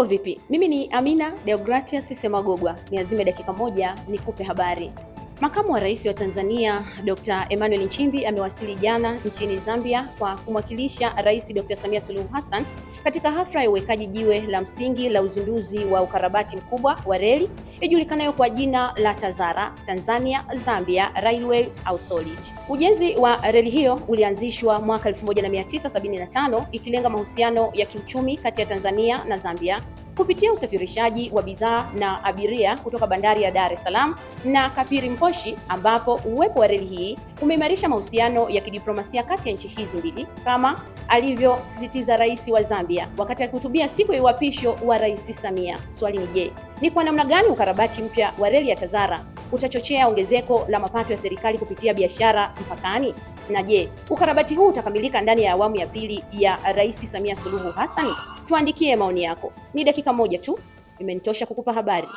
Mambo vipi? Mimi ni Amina Deogratias Semagogwa, niazime dakika moja nikupe habari. Makamu wa Rais wa Tanzania Dr. Emmanuel Nchimbi amewasili jana nchini Zambia kwa kumwakilisha Rais Dr. Samia Suluhu Hassan katika hafla ya uwekaji jiwe la msingi la uzinduzi wa ukarabati mkubwa wa reli ijulikanayo kwa jina la TAZARA, Tanzania Zambia Railway Authority. Ujenzi wa reli hiyo ulianzishwa mwaka 1975 ikilenga mahusiano ya kiuchumi kati ya Tanzania na Zambia kupitia usafirishaji wa bidhaa na abiria kutoka bandari ya Dar es Salaam na Kapiri Mposhi, ambapo uwepo wa reli hii umeimarisha mahusiano ya kidiplomasia kati ya nchi hizi mbili, kama alivyosisitiza Rais wa Zambia wakati akihutubia siku ya uapisho wa Rais Samia. Swali ni je, ni kwa namna gani ukarabati mpya wa reli ya Tazara utachochea ongezeko la mapato ya serikali kupitia biashara mpakani? na je, ukarabati huu utakamilika ndani ya awamu ya pili ya Rais Samia Suluhu Hassan? Tuandikie maoni yako. Ni dakika moja tu imenitosha kukupa habari.